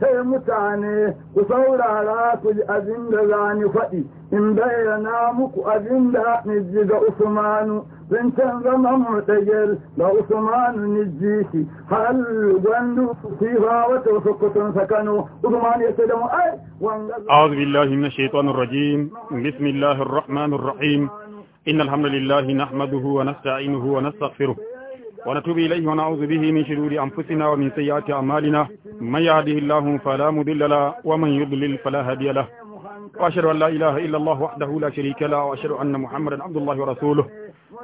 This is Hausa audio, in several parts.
sai mutane ku saurara ku ji abin da za ni faɗi in bayyana muku abin da niji ga usmanu zancen zaman mutagel da usmanu niji shi har gwandu fi ba wata wasu kutun sakano usmanu ya sai da mu ai أعوذ بالله من الشيطان الرجيم بسم الله الرحمن الرحيم إن الحمد لله نحمده ونستعينه ونستغفره ونتوب إليه ونعوذ به من شرور أنفسنا ومن سيئات أعمالنا من يهده الله فلا مضل له ومن يضلل فلا هادي له وأشهد أن لا إله إلا الله وحده لا شريك له وأشهد أن محمدا عبد الله ورسوله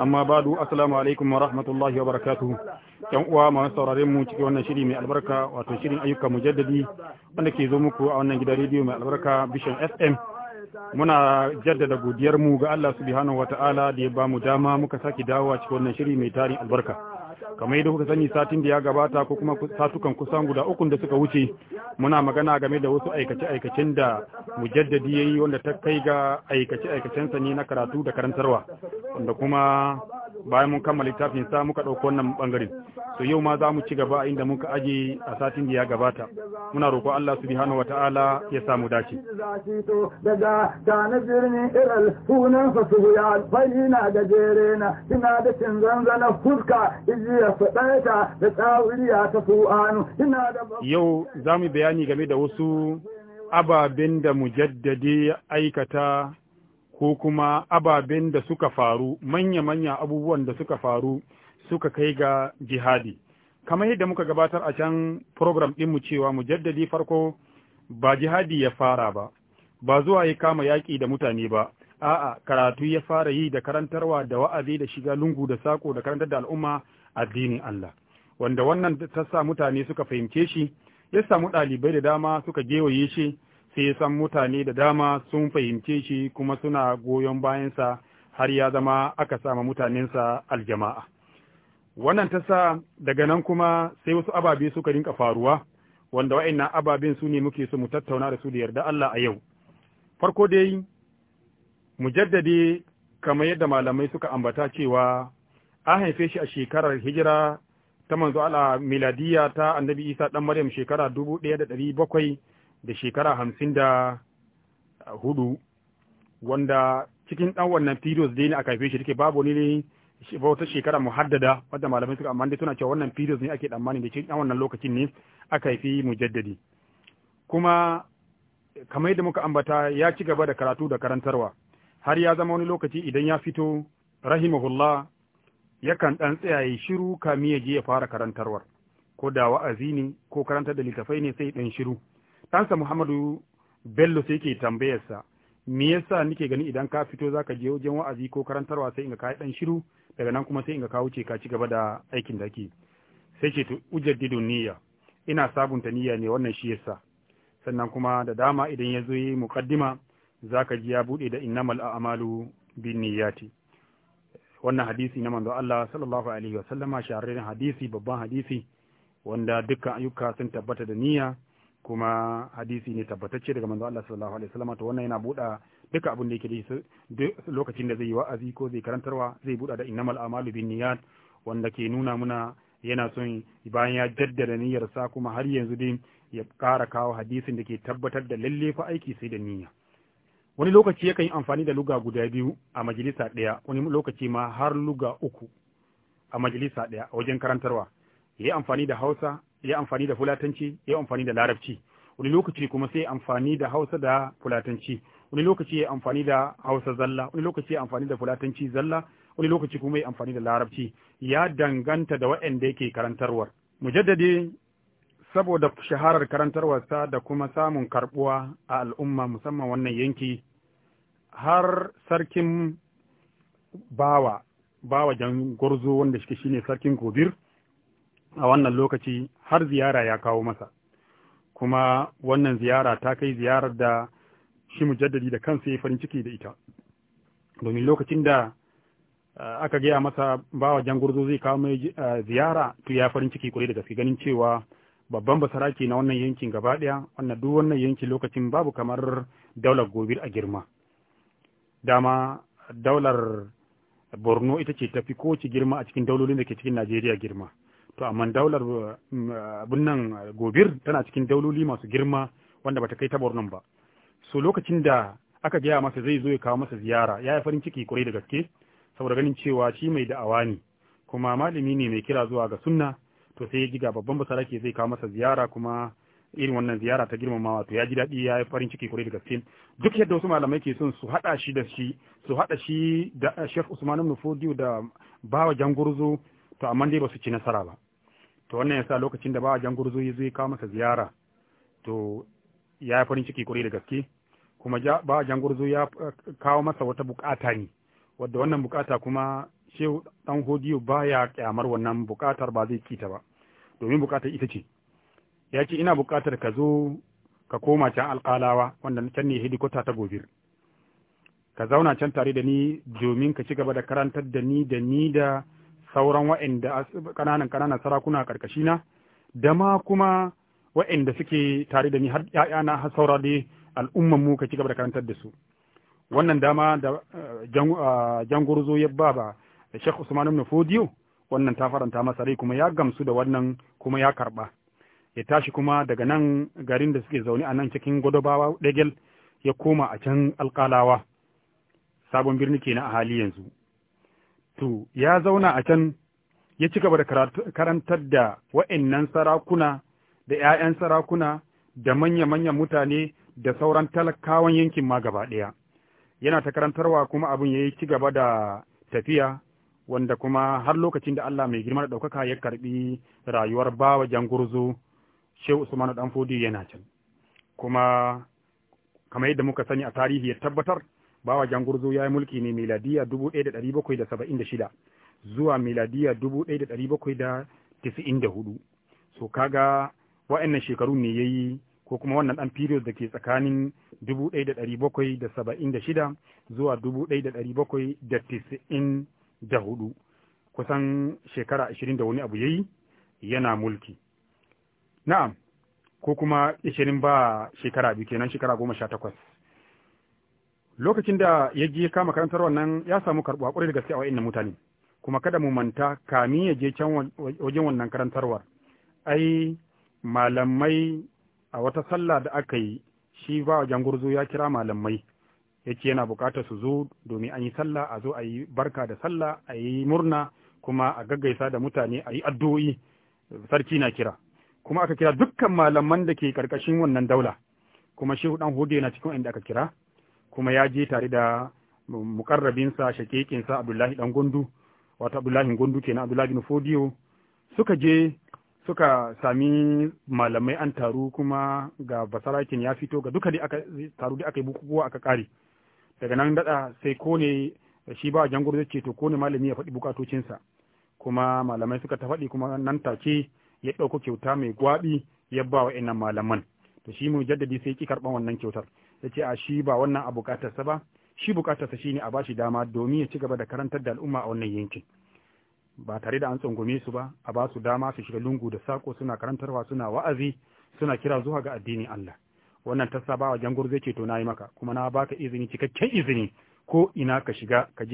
أما بعد السلام عليكم ورحمة الله وبركاته yan uwa masu sauraren mu cikin wannan shiri mai albarka wato shirin ayyuka mujaddadi wanda ke zo muku a wannan gidan rediyo mai albarka bishan fm muna jaddada godiyar mu ga Allah subhanahu wataala da ya mu dama muka sake dawowa cikin wannan shiri mai albarka kamar yadda kuka sani satin da ya gabata ko kuma satukan kusan guda ukun da suka wuce muna magana game da wasu aikace-aikacen da mujaddadi ya yi wanda ta kai ga aikace aikacen sa ne na karatu da karantarwa wanda kuma bayan mun kammala littafin sa muka ɗauko wannan bangaren to yau ma za mu ci gaba inda muka aje a satin da ya gabata muna roƙo Allah subhanahu wataala ya samu dace daga tana birni iral hunan fasu ya alfali na gajere na ina da cin zanzana fuska ijiya su ɗaya da tsawiriya ta su'anu ina da yau za mu bayani game da wasu ababen da mujaddadi aikata ko kuma ababen da suka faru manya-manya abubuwan da suka faru suka kai ga jihadi kamar yadda muka gabatar a can program mu cewa mujaddadi farko ba jihadi ya fara ba ba zuwa ya kama yaƙi da mutane ba a'a karatu ya fara yi da karantarwa da wa'azi da shiga lungu da sako da karantar da al'umma addinin Allah wanda wannan ta sa mutane suka fahimce shi ya samu ɗalibai da dama suka gewaye shi sai san mutane da dama sun fahimce shi kuma suna goyon bayansa har ya zama aka sama mutanensa aljama'a wannan ta sa daga nan kuma sai wasu ababe suka rinka faruwa wanda wa'annan ababen su ne muke su mu tattauna da su da yarda Allah a yau farko dai mu jaddade kamar yadda malamai suka ambata cewa an haife shi a shekarar hijira ta manzo Allah miladiya ta annabi Isa ɗan Maryam shekara dubu da ɗaya bakwai. da shekara hamsin da hudu wanda cikin ɗan wannan periods dai ne aka haife shi take babu ne wata shekara muhaddada wadda malamai suka amma dai tuna cewa wannan periods ne ake tsammani da cikin ɗan wannan lokacin ne aka haifi mujaddadi kuma kamar yadda muka ambata ya ci gaba da karatu da karantarwa har ya zama wani lokaci idan ya fito rahimahullah yakan ɗan tsayaye shiru kamin ya je ya fara karantarwar ko da wa'azi ne ko karantar da littafai ne sai ɗan shiru ɗansa muhammadu bello sai ke tambayarsa me yasa nike gani idan ka fito zaka je wajen wa'azi ko karantarwa sai inga kai dan shiru daga nan kuma sai inga ka wuce ka ci gaba da aikin da ke sai ce to ujaddidu niyya ina sabunta niyya ne wannan shi yasa sannan kuma da dama idan ya zo yi za ka ji ya bude da inna innamal a'malu bin niyyati wannan hadisi na manzo Allah sallallahu alaihi sallama shahararren hadisi babban hadisi wanda dukkan ayyuka sun tabbata da niyya kuma hadisi ne tabbatacce daga manzo Allah sallallahu alaihi wasallam to wannan yana buɗa duka abin da yake da lokacin da zai yi wa'azi ko zai karantarwa zai buɗa da innamal a'malu binniyat wanda ke nuna muna yana son bayan ya jaddada niyyar sa kuma har yanzu dai ya ƙara kawo hadisin da ke tabbatar da lalle fa aiki sai da niyya wani lokaci yakan yi amfani da luga guda biyu a majalisa daya wani lokaci ma har luga uku a majalisa ɗaya wajen karantarwa ya yi amfani da hausa ya amfani da fulatanci ya amfani da larabci wani lokaci kuma sai amfani da hausa da fulatanci wani lokaci ya amfani da hausa zalla wani lokaci ya amfani da fulatanci zalla wani lokaci kuma ya amfani da larabci ya danganta da waɗanda yake karantarwar mujaddadi saboda shaharar karantarwarsa da kuma samun karbuwa a al'umma musamman wannan yanki har sarkin bawa bawa jan gwarzo wanda shi ne sarkin gobir a wannan lokaci har ziyara ya kawo masa kuma wannan ziyara ta kai ziyarar da shi mujaddadi da kansa ya farin ciki da ita domin lokacin da eh, aka gaya masa bawa jangurzo zai kawo mai eh, ziyara to ya farin ciki kwarai da gaske ganin cewa babban basaraki na wannan yankin gaba daya wannan duk wannan yankin lokacin babu kamar daular gobir a girma dama daular borno ita ce tafi kowace girma a cikin daulolin da ke cikin najeriya girma to amma daular mm, abin nan gobir tana cikin dauloli masu girma wanda bata kai ta nan ba so lokacin da aka gaya masa zai zo ya kawo masa ziyara ya yi farin ciki kwarai da gaske saboda ganin cewa shi mai da'awa ne kuma malami ne mai kira zuwa ga sunna to sai ya ji ga babban basarake zai kawo masa ziyara kuma irin wannan ziyara ta girmamawa to ya ji daɗi ya yi farin ciki kwarai da gaske duk yadda wasu malamai ke son su haɗa shi da shi su haɗa shi da Sheikh Usman ibn Fodiyo da bawa jangurzo to amma dai ba su ci nasara ba to wannan yasa lokacin da ba a jangur ya zai kawo masa ziyara to ya yi farin ciki kuri da gaske kuma ba a jan gurzo ya kawo masa wata bukata ne wadda wannan bukata kuma shehu dan hodiyo ya kyamar wannan bukatar ba zai kita ba domin bukatar ita ce ya ce ina bukatar ka zo ka koma can alƙalawa wanda can ne hedikwata ta gobir ka zauna can tare da ni domin ka ci gaba da karantar da ni da ni da sauran wa'inda kananan kananan sarakuna a na da ma kuma wa'inda suke tare da ni har ‘ya'yana har saura dai al'umman mu ka ci gaba da karantar da su wannan dama da eh, eh, jangurzo ya ba ba Sheikh Usman ibn Fodiyo wannan ta faranta masa rai kuma ya gamsu da wannan kuma ya karba ya tashi kuma daga nan garin da suke zaune a nan cikin Godobawa Degel ya koma a can alƙalawa sabon birni kenan a hali yanzu to ya zauna a can ya ci gaba da karantar da wa'annan sarakuna da 'ya'yan sarakuna da manya-manyan mutane da sauran talakawan yankin ma gaba ɗaya yana ta karantarwa kuma abin ya yi ci gaba da tafiya wanda kuma har lokacin da Allah mai girma da ɗaukaka ya karɓi rayuwar bawa jangurzo Shehu Usman Danfodi yana can kuma kamar yadda muka sani a tarihi ya tabbatar bawa jangurzo ya yi mulki ne miladiya 1776 zuwa miladiya 1794 so kaga wa'annan shekaru ne ya yi ko kuma wannan dan period da ke tsakanin 1776 zuwa 1794 kusan shekara 20 da wani abu ya yi yana mulki na'am ko kuma 20 ba shekara biyu kenan shekara 18 lokacin da ya je kama karantar wannan ya samu karɓuwa ƙwarai da gaske a wa'in mutane kuma kada mu manta kamin ya je can wajen wannan karantarwar ai malamai a wata sallah da aka yi shi ba wajen gurzu ya kira malamai ya ce yana buƙatar su zo domin an yi sallah a zo a yi barka da sallah a yi murna kuma a gaggaisa da mutane a yi addu'o'i sarki na kira kuma aka kira dukkan malaman da ke karkashin wannan daula kuma shehu dan hudu yana cikin inda aka kira kuma ya je tare da mukarrabinsa shakekinsa abdullahi dan gundu wato abdullahi gondu kenan abdullahi fodiyo suka je suka sami malamai an taru kuma ga basarakin ya fito ga duka dai aka taru da aka yi bukukuwa aka kare daga nan dada sai ko ne shi ba jangoro zai ce to ko ne malami ya faɗi bukatocinsa kuma malamai suka ta faɗi kuma nan take ya ɗauko kyauta mai gwaɓi ya ba wa malamai malaman to shi mu jaddadi sai ki karɓan wannan kyautar ta ce a shi ba wannan a bukatarsa ba shi bukatarsa shine a bashi dama domin ya ci gaba da karantar da al'umma a wannan yankin ba tare da an tsangwame su ba a ba su dama su shiga lungu da sako suna karantarwa suna wa'azi suna kira zuwa ga addinin Allah wannan ta saba wa jangur zai ce to yi maka kuma na baka izini cikakken izini ko ina ka shiga ka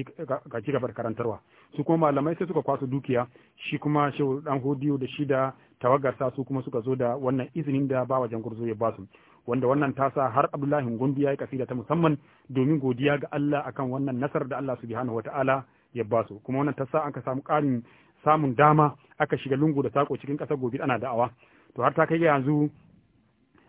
ci gabar karantarwa su kuma malamai sai suka kwasu dukiya shi kuma shehu dan hodiyo da shi da tawagarsa su kuma suka zo da wannan izinin da ba wa jangur ya ba su wanda wannan tasa har Abdullahi gundu ya yi kasida ta musamman domin godiya ga Allah akan wannan nasarar da Allah subhanahu ta'ala ya ba su kuma wannan tasa an ka samu karin samun dama aka shiga lungu da sako cikin kasar gobe ana da'awa to har ta kai yanzu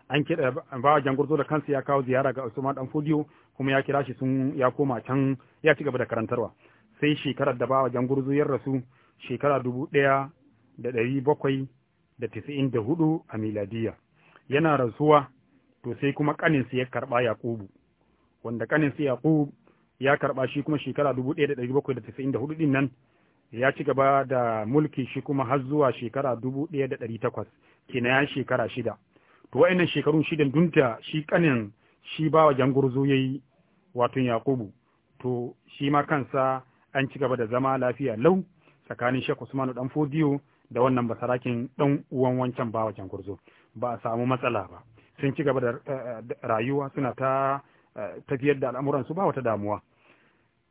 an kira bawa jangurzo da kansa ya kawo ziyara ga Usman dan Fodiyo kuma ya kira shi sun ya koma can ya ci gaba da karantarwa sai shekarar da bawa jangurzo ya rasu shekara dubu ɗaya da ɗari bakwai da tisa'in da hudu a miladiya yana rasuwa to sai kuma kaninsa ya karba yaqubu wanda kaninsa yaqub ya karba shi kuma shekara 1794 din nan ya ci gaba da mulki shi kuma har zuwa shekara 1800 kina ya shekara shida to wayannan shekarun shidan dunta shi kanin shi ba wa jangurzo yayi wato yaqubu to shi ma kansa an ci gaba da zama lafiya lau tsakanin Sheikh Usmanu dan Fodiyo da wannan basarakin ɗan uwan wancan bawa can ba a samu matsala ba sun ci gaba da eh, eh, rayuwa suna ta eh, tafiyar da al'amuransu ba wata damuwa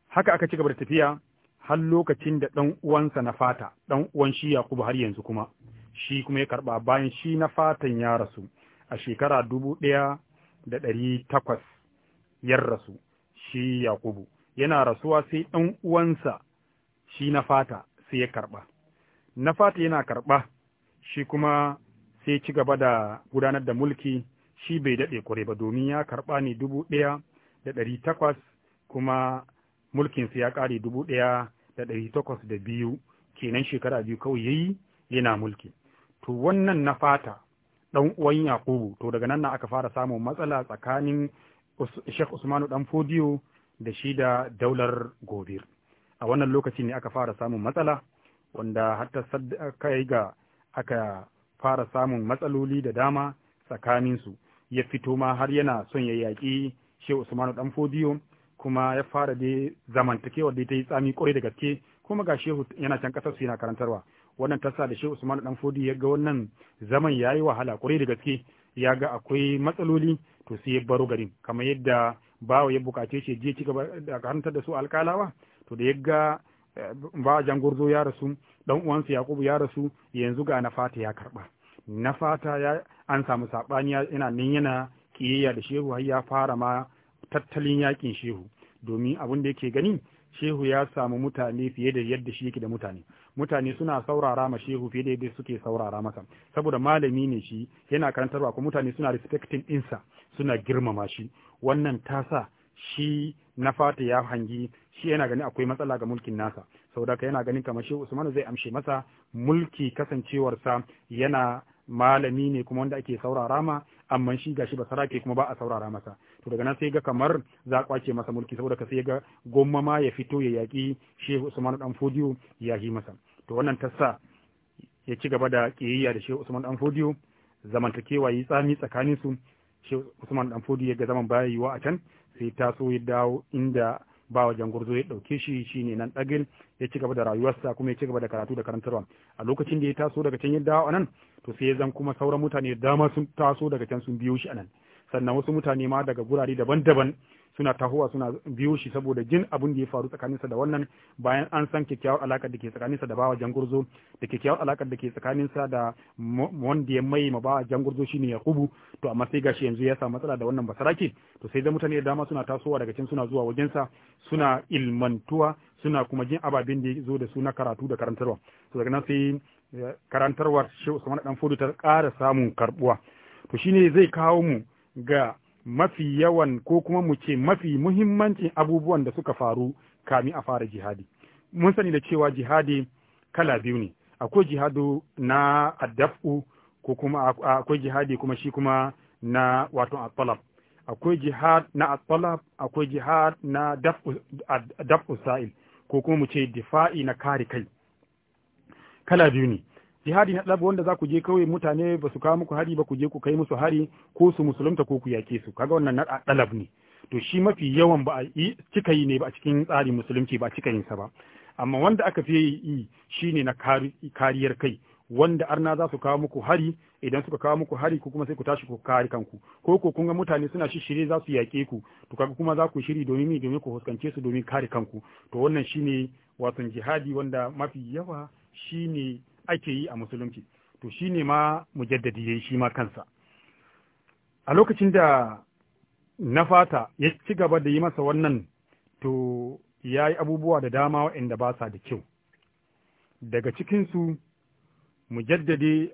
haka aka ci gaba da tafiya har lokacin da ɗan uwansa na fata ɗan uwan shi Yakubu har yanzu kuma shi kuma ya karɓa bayan shi na fatan ya rasu a shekara dubu ɗaya da ɗari takwas ya rasu shi Yakubu yana rasuwa sai ɗan uwansa shi na fata sai ya karɓa na fata yana karɓa shi kuma sai ci gaba da gudanar da mulki shi bai daɗe kware ba domin ya karɓa ne dubu ɗaya da ɗari takwas kuma mulkinsa ya ƙare dubu ɗaya da ɗari takwas da biyu kenan shekara biyu kawai yayi yana mulki to wannan na fata ɗan uwan yakubu to daga nan na aka fara samun matsala tsakanin shek Usmanu ɗan Fodiyo da shi da daular Gobir. A wannan lokaci ne aka fara samun matsala wanda hatta kai ga aka fara samun matsaloli da dama tsakaninsu ya fito ma har yana son ya yaƙi Shehu usmanu dan fodiyo kuma ya fara dai zamantakewar da ta yi tsami kwarai da gaske kuma ga shehu yana can kasar su yana karantarwa wannan ta sa da shehu usmanu dan fodiyo ya ga wannan zaman ya yi wahala kwarai da gaske ya ga akwai matsaloli to sai ya baro garin kamar yadda bawa ya bukace shi je ci gaba da karantar da su alkalawa to da ya ga ba jangurzo ya rasu dan uwansa yakubu ya rasu yanzu ga fata ya karba nafata ya an samu sabani yana nan yana kiyayya da shehu har ya fara ma tattalin yakin shehu domin abin da yake gani shehu ya samu mutane fiye da yadda shi yake da mutane mutane suna saurara ma shehu fiye da yadda suke saurara masa saboda malami ne shi yana karantarwa ko mutane suna respecting ɗinsa suna girmama shi wannan tasa shi na fata ya hangi shi yana gani akwai matsala ga mulkin nasa saboda ka yana ganin kamar shi Usman zai amshe masa mulki kasancewarsa yana malami ne kuma wanda ake saurara ma amma shi gashi ba sarake kuma ba a saurara masa to daga nan sai ga kamar za a kwace masa mulki saboda ka sai ga gomma ma ya fito ya yaki Sheikh Usman dan Fodio ya yi masa to wannan tassa ya ci gaba da kiyayya da Sheikh Usman dan Fodiyo zamantakewa yi tsami tsakanin su Sheikh Usman dan Fodio ya ga zaman baya yiwa a can sai ta so ya dawo inda ba wajen gurzo ya ɗauke shi ne nan ɗagil ya ci gaba da rayuwarsa kuma ya ci gaba da karatu da karantarwa a lokacin da ya taso daga can ya dawo anan to sai ya zan kuma sauran mutane da dama sun taso daga can sun biyo shi anan sannan wasu mutane ma daga gurare daban-daban suna tahowa suna biyo shi saboda jin abin da ya faru tsakaninsa da wannan bayan an san kyakkyawar alaƙa da ke tsakaninsa da bawa jangurzo da kyakkyawar alaƙa da ke tsakaninsa da wanda ya mai ma bawa jangurzo shine ya kubu to amma sai gashi yanzu ya samu matsala da wannan basarake to sai da mutane da dama suna tasowa daga can suna zuwa wajensa suna ilmantuwa suna kuma jin ababen da ya zo da su na karatu da karantarwa to daga nan sai eh, karantarwar shi Usman dan Fodu ta ƙara samun karbuwa to shine zai kawo mu ga mafi yawan ko kuma mu ce mafi muhimmancin abubuwan da suka faru kami a fara jihadi mun sani da cewa jihadi kala biyu ne akwai jihadu na addafu ko kuma akwai jihadi kuma shi kuma na wato at akwai jihad na at akwai jihad na daf'u sa'il ko kuma mu ce difa'i na kare kai kala biyu ne jihadi na ɗabu wanda za ku je kawai mutane ba su kawo muku hari ba ku je ku kai musu hari ko su musulunta ko ku yake su kaga wannan na ɗalab ne to shi mafi yawan ba a yi cika yi ne ba a cikin tsarin musulunci ba a cika yin sa ba amma wanda aka fi yi ne na kariyar kai wanda arna za su kawo muku hari idan suka kawo muku hari ko kuma sai ku tashi ku kare kanku ko ko kun ga mutane suna shirye za su yaƙe ku to kaga kuma za ku shiri domin mi domin ku huskance su domin kare kanku to wannan shine wato jihadi wanda mafi yawa shine ake yi a musulunci to shi ne ma mujaddadi ya yi shi ma kansa a lokacin da na fata ya ci gaba da yi masa wannan to ya yi abubuwa da dama waɗanda ba sa da kyau daga cikinsu mujaddadi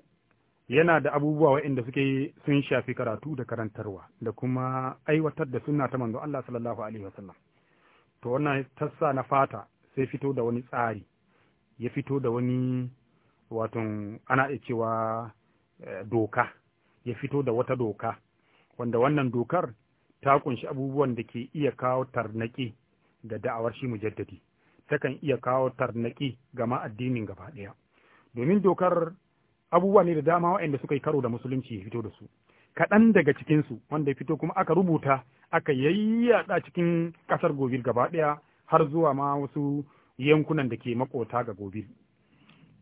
yana da abubuwa waɗanda suke sun shafi karatu da karantarwa da kuma aiwatar da suna ta manzo Allah sallallahu alaihi wasallam to wannan tassa na fata sai fito da wani tsari ya fito da wani watan ana iya cewa eh, doka ya fito da wata doka wanda wannan dokar ta kunshi abubuwan da ke iya kawo tarnaki ga da'awar shi mujaddadi takan iya kawo tarnaki ga ma addinin gaba daya domin dokar abubuwa ne da dama waɗanda suka yi karo da musulunci ya fito da su kaɗan daga cikinsu wanda ya fito kuma aka rubuta aka yayyada cikin ƙasar gobir gaba ɗaya har zuwa ma wasu yankunan da ke makota ga gobir.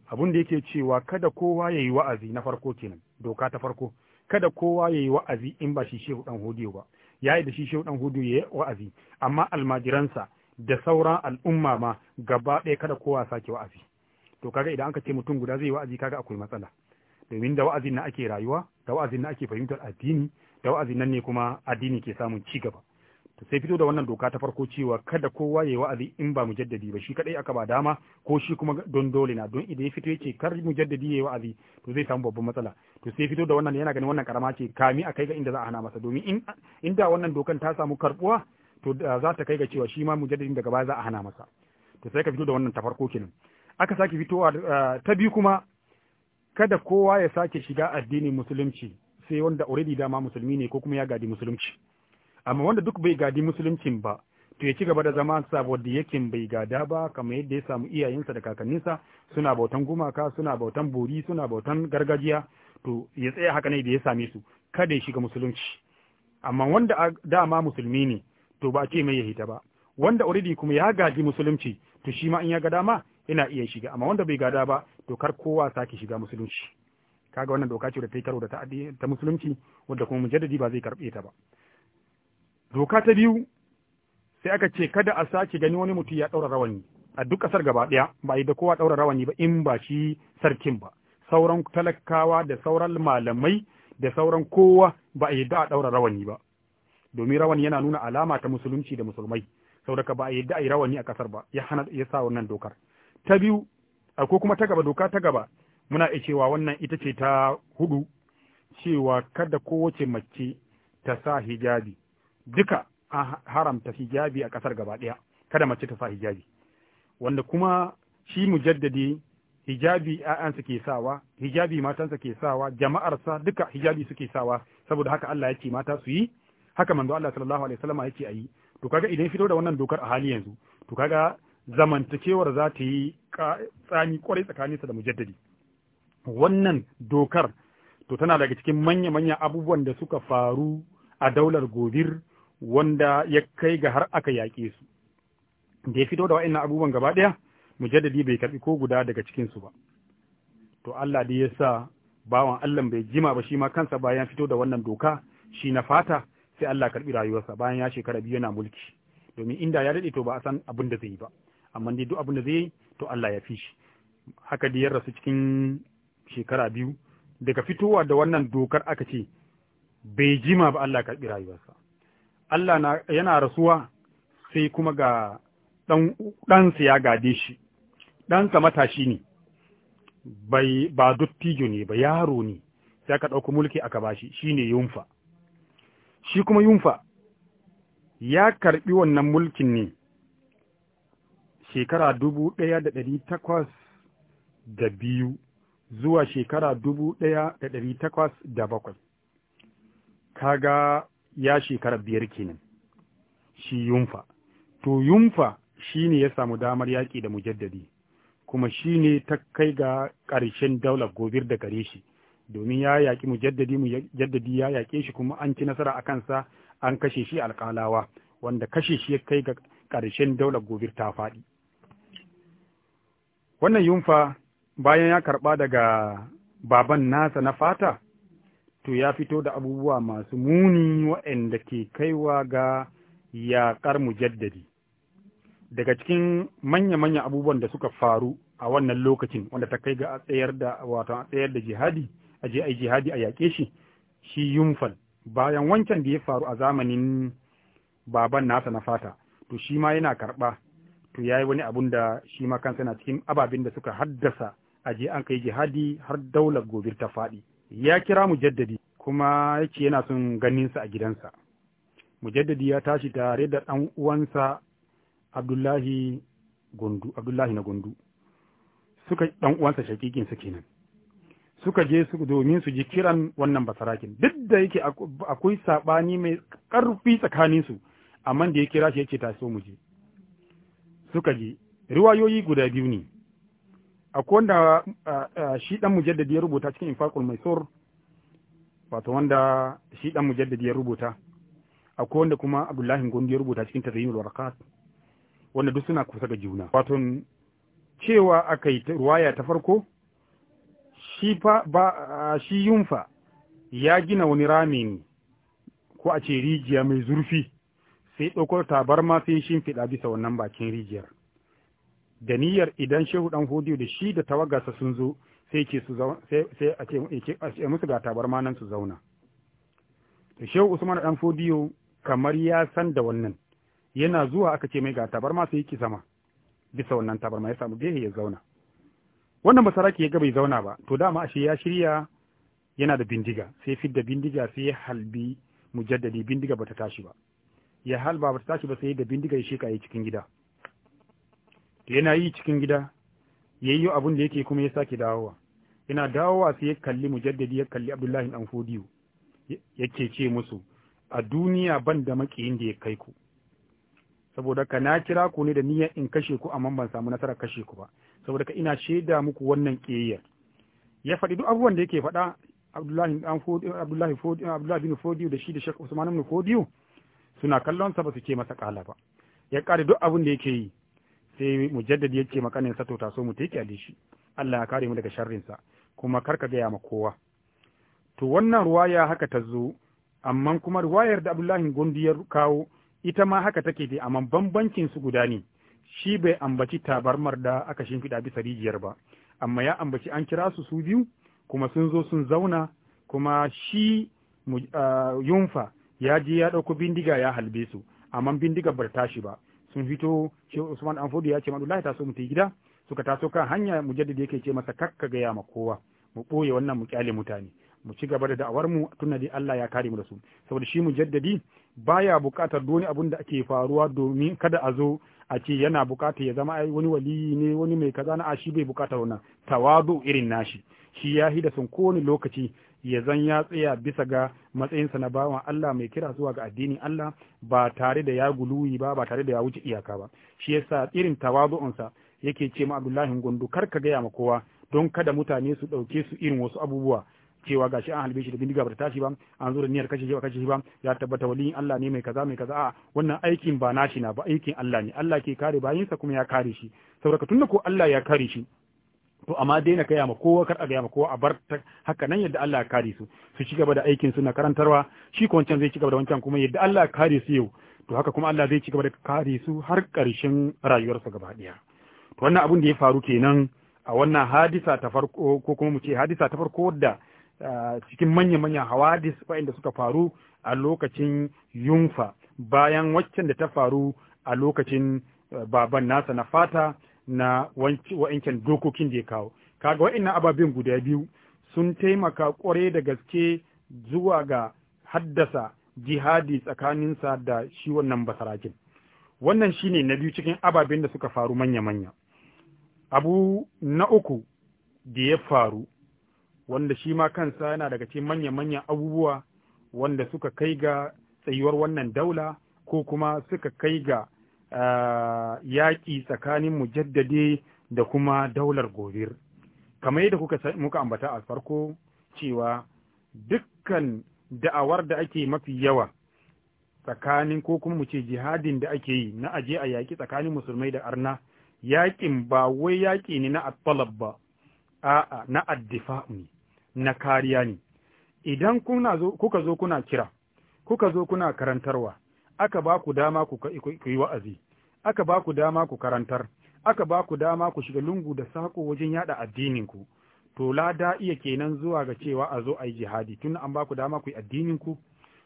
abin da yake cewa kada kowa ya yi wa'azi na farko kenan doka ta farko kada kowa ya yi wa'azi in ba shi shehu ɗan hudu ba ya yi da shi shehu ɗan hudu ya yi wa'azi amma almajiransa da sauran al'umma ma gaba ɗaya kada kowa sake wa'azi to kaga idan aka ce mutum guda zai yi wa'azi kaga akwai matsala domin da wa'azin na ake rayuwa da wa'azin na ake fahimtar addini da wa'azin nan ne kuma addini ke samun ci gaba to sai fito da wannan doka ta farko cewa kada kowa ya yi wa'azi in ba mujaddadi ba shi kadai aka ba dama ko shi kuma don dole na don idan ya fito yace kar mujaddadi yi wa'azi to zai samu babban matsala to sai fito da wannan yana ganin wannan karama ce kami a kai ga inda za a hana masa domin in inda wannan dokan ta samu karbuwa to za ta kai ga cewa shi ma mujaddadin daga baya za a hana masa to sai ka fito da wannan ta farko kenan aka sake fitowa eh, ta biyu kuma kada kowa ya sake shiga addinin musulunci sai wanda already dama musulmi ne ko kuma ya gadi musulunci amma wanda duk bai gadi musuluncin ba to ya ci gaba da zama saboda yakin bai gada ba kamar yadda ya samu iyayensa da kakanninsa suna bautan gumaka suna bautan bori suna bautan gargajiya to ya tsaya haka ne da ya same su kada ya shiga musulunci amma wanda dama musulmi ne to ba ce mai ya hita ba wanda already kuma ya gaji musulunci to shi ma in ya ga dama yana iya shiga amma wanda bai gada ba to kar kowa sake shiga musulunci kaga wannan doka ce da ta yi karo da ta musulunci wanda kuma mujaddadi ba zai karbe ta ba doka ta biyu sai aka ce kada a sake gani wani mutum ya ɗaura rawani a duk ƙasar gaba ɗaya ba a yi da kowa ɗaura rawani ba in ba shi sarkin ba sauran talakawa da sauran malamai da sauran kowa ba a da a ɗaura rawani ba domin rawani yana nuna alama ta musulunci da musulmai sau saboda ba a da a yi rawani a ƙasar ba ya hana ya sa wannan dokar ta biyu ko kuma ta gaba doka ta gaba muna iya cewa wannan ita ce ta hudu cewa kada kowace mace ta sa hijabi duka a haramta hijabi a ƙasar gaba ɗaya kada mace ta sa hijabi wanda kuma shi mujaddadi hijabi ‘ya'yansa ke sawa, hijabi matansa ke sawa, jama'arsa duka hijabi suke sawa, saboda haka Allah ya ce mata su yi, haka manzo Allah sallallahu alaihi wasallam ya ce a yi. To kaga idan fito da wannan dokar a hali yanzu, to kaga zamantakewar za ta yi tsani kwarai tsakaninsa da mujaddadi. Wannan dokar to tana daga cikin manya-manya abubuwan da suka faru a daular gobir wanda ya kai ga har aka yaƙe su da ya fito da na abubuwan gaba ɗaya mujaddadi bai karɓi ko guda daga cikinsu ba to Allah dai ya sa bawan Allah bai jima ba shi ma kansa bayan fito da wannan doka shi na fata sai Allah karɓi rayuwarsa bayan ya shekara biyu yana mulki domin inda ya daɗe to ba a san abin da zai yi ba amma dai duk abin da zai yi to Allah ya fi shi haka dai ya rasu cikin shekara biyu daga fitowa da wannan dokar aka ce bai jima ba Allah karɓi rayuwarsa Allah yana rasuwa sai kuma ga ɗansa ya gade shi, ɗansa matashi ne, ba dottijo ne, ba yaro ne, sai aka ɗauko mulki aka bashi, shi ne yunfa. Shi kuma yunfa ya karɓi wannan mulkin ne shekara dubu ɗaya da ɗari takwas da biyu zuwa shekara dubu ɗaya da ɗari takwas da bakwai. Kaga ya shekara biyar kenan shi yunfa to yunfa shine ya samu damar yaƙi da mujaddadi kuma shine ta kai ga ƙarshen daular gobir da gare shi domin ya yaƙi mujaddadi mujaddadi ya yaƙe shi kuma an ci nasara a kansa an kashe shi alƙalawa wanda kashe shi ya kai ga ƙarshen daular gobir ta faɗi wannan yunfa bayan ya karɓa daga baban nasa na fata to ya fito da abubuwa masu muni waɗanda ke kaiwa ga yaƙar mujaddadi daga cikin manya-manya abubuwan da suka faru a wannan lokacin wanda ta kai ga a tsayar da wato a tsayar da jihadi a je jihadi a yaƙe shi shi yunfal bayan wancan da ya faru a zamanin baban nasa na fata to shi ma yana karɓa to ya yi wani abun da shi ma kansa na cikin ababen da suka haddasa a je an kai jihadi har daular gobe ta faɗi ya kira mujaddadi kuma ya yana son sa a gidansa mujaddadi ya tashi tare da ɗan uwansa abdullahi gundu abdullahi na gundu suka ɗan uwansa shakikin su kenan suka je su domin su ji kiran wannan basarakin duk da yake akwai sabani mai ƙarfi tsakaninsu su amma da ya kira shi yace taso mu je suka je riwayoyi guda biyu ne akwai wanda shi dan mujaddadi ya rubuta cikin infaqul maisur wato wanda shi dan mujaddadi ya rubuta akwai wanda kuma abdullahi gondi ya rubuta cikin tazayyinul warqat wanda duk suna kusa ga juna wato cewa aka yi ruwaya ta farko shi fa ba shi yunfa ya gina wani rami ko a ce rijiya mai zurfi sai ɗaukar tabarma sai fida bisa wannan bakin rijiyar da niyyar idan shehu dan hodiyo da shi da tawagarsa sun zo sai ke su sai a ce musu ga tabarma nan su zauna to shehu usman dan hodiyo kamar ya san da wannan yana zuwa aka ce mai ga tabarma sai yake sama bisa wannan tabarma ya samu gehe ya zauna wannan masaraki ya ga bai zauna ba to dama ashe ya shirya yana da bindiga sai fidda bindiga sai halbi mujaddadi bindiga bata tashi ba ya halba bata tashi ba sai da bindiga ya sheka yi cikin gida yana yi cikin gida ya yi abin da yake kuma ya sake dawowa yana dawowa sai ya kalli mujaddadi ya kalli abdullahi dan fodiyo ya ce musu a duniya ban da makiyin da ya kai ku saboda ka na kira ku ne da niyyar in kashe ku amma ban samu nasarar kashe ku ba saboda ka ina shaida muku wannan ƙiyayyar ya faɗi duk abubuwan da yake faɗa Abdullahi dan Fodiyo da shi da Sheikh Usman ibn Fodiyo suna kallon sa ba su ce masa kala ba ya kare duk abin da yake yi sai mu ya ce makanin sa to taso mu take ali shi Allah ya kare mu daga sharrin sa kuma ka gaya ma kowa to wannan ruwaya haka ta zo amma kuma ruwayar da Abdullahi Gondi ya kawo ita ma haka take dai amma bambancin su guda ne shi bai ambaci tabarmar da aka shimfida bisa rijiyar ba amma ya ambaci an kira su su biyu kuma sun zo sun zauna kuma shi ah, yunfa ya je ya ɗauko bindiga ya halbe su amma bindiga bar tashi ba sun fito shi Usman an Fodo ya ce Abdullahi ta so mu tafi gida suka taso kan hanya mujaddid yake ce masa kakka gaya ma kowa mu boye wannan mu kyale mutane mu ci gaba da da'awar mu tunda dai Allah ya kare mu da su saboda shi mujaddadi baya buƙatar doni abun da ake faruwa domin kada a zo a ce yana buƙata ya zama ai wani waliyi ne wani mai kaza na a shi bai buƙatar wannan tawadu irin nashi shi ya hida sun kowane lokaci ya zan ya tsaya bisa ga matsayinsa na bawan Allah mai kira zuwa ga addinin Allah ba tare da ya guluyi ba ba tare da ya wuce iyaka ba shi yasa irin tawazu'unsa yake ce ma Abdullahi Gondo kar ka gaya ma kowa don kada mutane su dauke su irin wasu abubuwa cewa gashi an halbe shi da bindiga bata tashi ba an zo da niyyar kashe shi ba kashe shi ba ya tabbata waliyin Allah ne mai kaza mai kaza a wannan aikin ba nashi na ba aikin Allah ne Allah ke kare bayinsa kuma ya kare shi saboda tunda ko Allah ya kare shi to amma daina kaya ma kowa kar a gaya ma kowa a bar haka nan yadda Allah ya kare su su ci gaba da aikin su na karantarwa shi ko wancan zai ci gaba da wancan kuma yadda Allah ya kare su yau to haka kuma Allah zai ci gaba da kare su har ƙarshen rayuwarsa gaba daya to wannan abun da ya faru kenan a wannan hadisa ta farko ko kuma mu ce hadisa ta farko wadda cikin manya-manyan hawadis waɗanda suka faru a lokacin yunfa bayan waccan da ta faru a lokacin eh, baban nasa na fata na wa'incan dokokin da ya kawo kaga wa'innan ababen guda biyu sun taimaka kware da gaske zuwa ga haddasa jihadi tsakaninsa da shi wannan basarakin wannan shine na biyu cikin ababen da suka faru manya-manya abu na uku da ya faru wanda shi ma kansa yana daga cikin manya-manyan abubuwa wanda suka kai ga tsayuwar wannan daula ko kuma suka kai ga yaƙi tsakanin mujaddade da kuma daular gobir kamar yadda kuka muka ambata a farko cewa dukkan da'awar da ake mafi yawa tsakanin ko kuma mu ce jihadin da ake yi na aje a yaƙi tsakanin musulmai da arna yaƙin ba wai yaƙi ne na atalab ba a'a na addifa ne na kariya ne idan kuna kuka zo kuna kira kuka zo kuna karantarwa aka ba ku dama ku yi wa'azi aka ba ku dama ku karantar aka ba ku dama ku shiga lungu da saƙo wajen yada addinin ku to lada iya kenan zuwa ga cewa a zo a yi jihadi tun an ba ku dama ku yi addininku?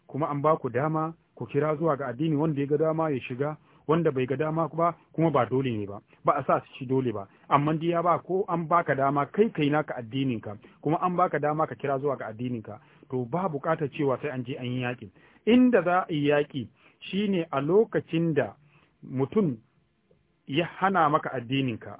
kuma an ba ku dama ku kira zuwa ga addini wanda ya ga dama ya shiga wanda bai ga dama ba kuma ba dole ne ba ba a sa su ci dole ba amma dai ya ba ko an baka dama kai kai naka addinin ka kuma an baka dama ka kira zuwa ga addinin to ba buƙatar cewa sai an je an yi yaƙi inda za a yi yaƙi shi ne a lokacin da mutum ya hana maka addininka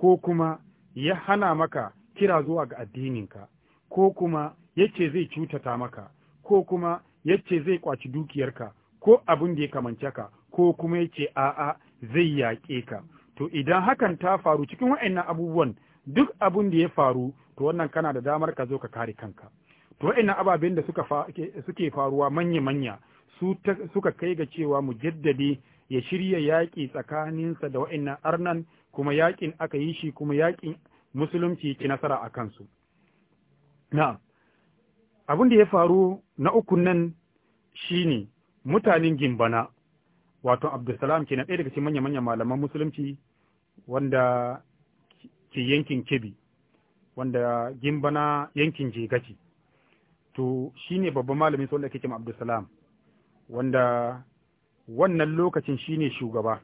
ko kuma ya hana maka kira zuwa ga addininka ko kuma yace zai cutata maka ko kuma yace zai kwaci dukiyarka ko abin da ya kamance ka ko kuma yace a'a zai yaƙe ka to idan hakan ta faru cikin wa'annan abubuwan duk abin da ya faru to wannan kana da damar ka zo ka kare kanka to wa'annan ababen da suka suke faruwa manya manya su suka kai ga cewa mujaddadi ya shirya yaƙi tsakaninsa da wa'annan arnan kuma yaƙin aka yi shi kuma yaƙin musulunci ki nasara a kansu na'am abin da ya faru na uku nan ne mutanen gimbana wato abdulsalam na ɗaya daga cikin manya-manyan malaman musulunci wanda ke yankin kebi wanda gimbana yankin jegaci to shi ne babban malamin sun da ke kima abdulsalam wanda wannan lokacin shi ne shugaba